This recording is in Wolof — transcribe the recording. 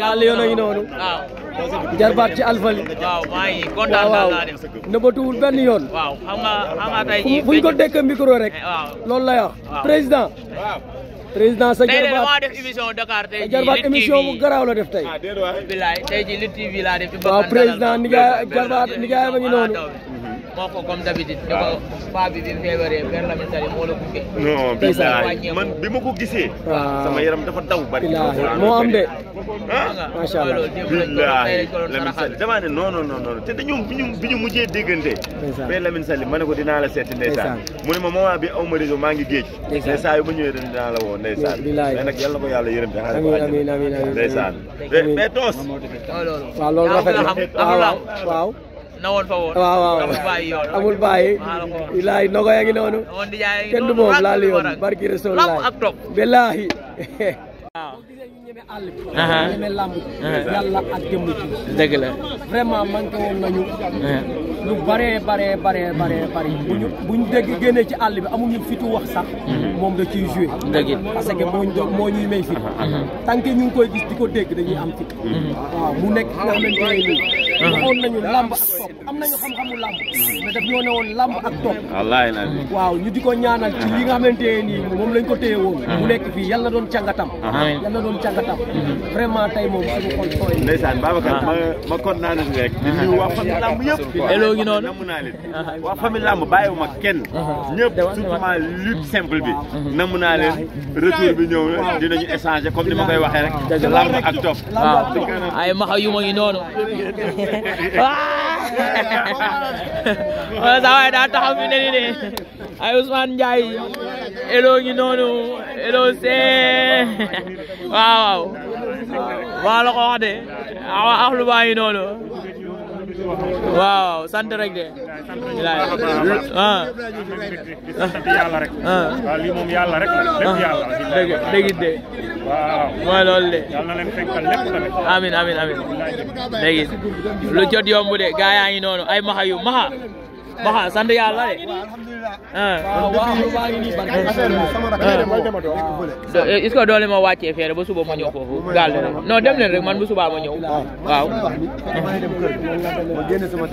laa liyoon a ngi noonu jarbaat ci alfali waaw maa ngi kontaan daal laa def nëbbatuwul benn yoon waaw xam nga xam nga ko dëkk micro rek eh, loolu lay wax président président sa émission Dakar tey jii jarbaat émission bu garaaw la def tey ah, bilaay tey jii Lutte TV laa def waaw président ni jarbaat ni nga ngi moo ko comme d'habitude. waaw fa bi bi feebaree bi ma ko gisee. sama dafa daw bari. moo am de. macha allah bilaay Lamine Saly damaa ne non non non te dañu bi ñu bi ñu mujjee déggante. Père Lamine ma ko dinaa la seeti ndeysaan. mu ne ma moment maa ngi géej. ndeysaan saa yu ma ñëwee dañu dinaa ko yàlla yërëm te xaaral waaw waaw. na woon fa woon amul bàyyi ilaahi nogo yaa ngi noonu kenn du moom laal yoon barki rasul laay billaahi waaw ñeme àll bi ñeme làmb yàlla ak jëmm ji dëgg la vraiment manqué woon nañu lu bare bare bare bare bare buñu buñ dégg génnee ci àll bi amuñu fitu wax sax mhm. moom da ciy joué dëgg parce que mooñ moo ñuy may fit tànk ñu ngi koy di ko dégg dañuy am fit mhm. waaw mu nekk nga xamante ni waxoon nañu làmb ak am nañu xam-xamu làmb mhm. mais woon làmb ak topp wallaay na waaw ñu di ko ñaanal ci nga xamante nii moom lañ ko téye woon mu nekk fii yàlla doon càngatam yàlla doon càng nga tax vraiment tey moom suñu xol tooy ndeysaan Babacar ah. ma ma kontaan nañu rek di nuyu waa famille làmb yëpp eloo ngi noonu namu naa leen waa famille làmb bàyyiwuma kenn ah. ñëpp surtout ma lutte bi ah. namu naa leen retour bi ñëw na dinañu échanger comme ni ma koy waxee rek làmb ak top waaw ay maxa yu ma ngi noonu waaw saa waay daa taxaw fi ni ne ay Ousmane Ndiaye Elo ngi noonu Elo Seen waaw waaw la wax de awa axlu baa ngi noonu waaw sant rek de ah sant ah. ah, yàlla rek waaw ah. de waaw mooy de yàlla na leen fekkal lépp lu jot yomb de gaa yaa ngi noonu ay maxa yu maxa Baxa sant yàlla de. waaw waaw est-ce que doole ma wàccee feere ba suba ma ñëw foofu gaal non dem leen rek man bu subaa ma ñëw waaw.